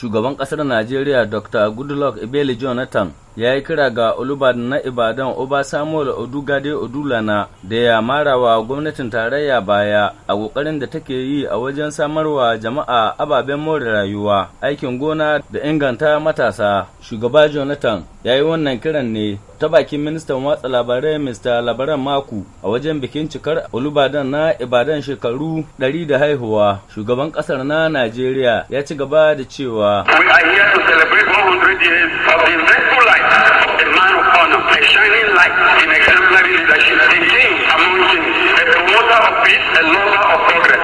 shugaban ƙasar Najeriya Dr. Goodluck Ebele Jonathan ya yi kira ga Olubadan na Ibadan Oba Samuel Odugade Odulana da ya marawa gwamnatin tarayya baya a ƙoƙarin da take yi a wajen samarwa jama'a ababen more rayuwa, aikin gona da inganta matasa. Shugaba Jonathan ya yi wannan kiran ne ta bakin ministan watsa labarai Mr. Labaran Maku a wajen bikin cikar Olubadan na Ibadan shekaru 100 da haihuwa. Shugaban ƙasar na Najeriya ya ci gaba da cewa. We are here to celebrate 100 years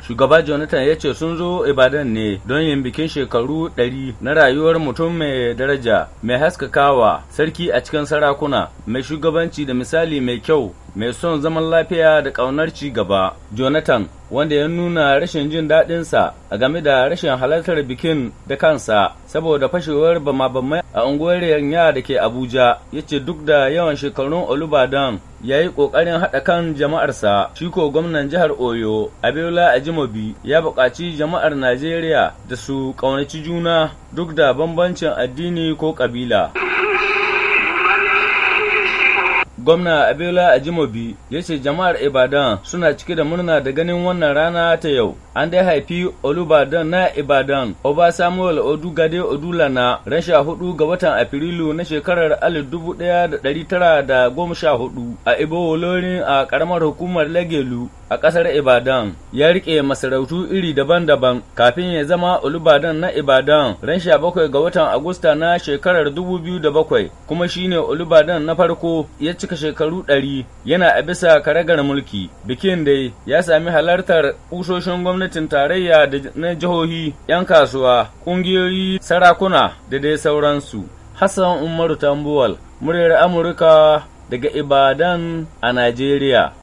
Shugaba Jonathan ya ce sun zo Ibadan ne don yin bikin shekaru ɗari na rayuwar mutum mai daraja, mai haskakawa, sarki a cikin sarakuna, mai shugabanci da misali mai kyau mai son zaman lafiya da ƙaunar ci gaba jonathan wanda ya nuna rashin jin daɗinsa a game da rashin halartar bikin da kansa saboda fashewar bama-bamai a unguwar yanya da ke abuja ya ce duk da yawan shekarun olubadan ya yi ƙoƙarin haɗa kan jama'arsa shi ko gwamnan jihar oyo abiola ajimobi ya buƙaci jama'ar najeriya da su ƙaunaci juna duk da bambancin addini ko ƙabila Gwamna Abela Ajimobi ya ce jama'ar Ibadan suna cike da murna da ganin wannan rana ta yau. An dai haifi Olubadan na Ibadan, Oba Samuel Odugade Odulana ran sha hudu ga watan Afrilu na shekarar alif dubu ɗaya da ɗari tara da goma sha a Ibo wolorin a ƙaramar hukumar Lagelu. a ƙasar Ibadan ya riƙe masarautu iri daban-daban kafin ya zama Olubadan na Ibadan ran sha bakwai ga watan Agusta na shekarar dubu biyu da bakwai kuma shine Olubadan na farko ya cika shekaru ɗari yana a bisa karagar mulki bikin dai ya sami halartar kusoshin gwamnatin tarayya da na jihohi 'yan kasuwa ƙungiyoyi sarakuna da dai sauransu Hassan Umaru Tambuwal muryar Amurka daga Ibadan a Najeriya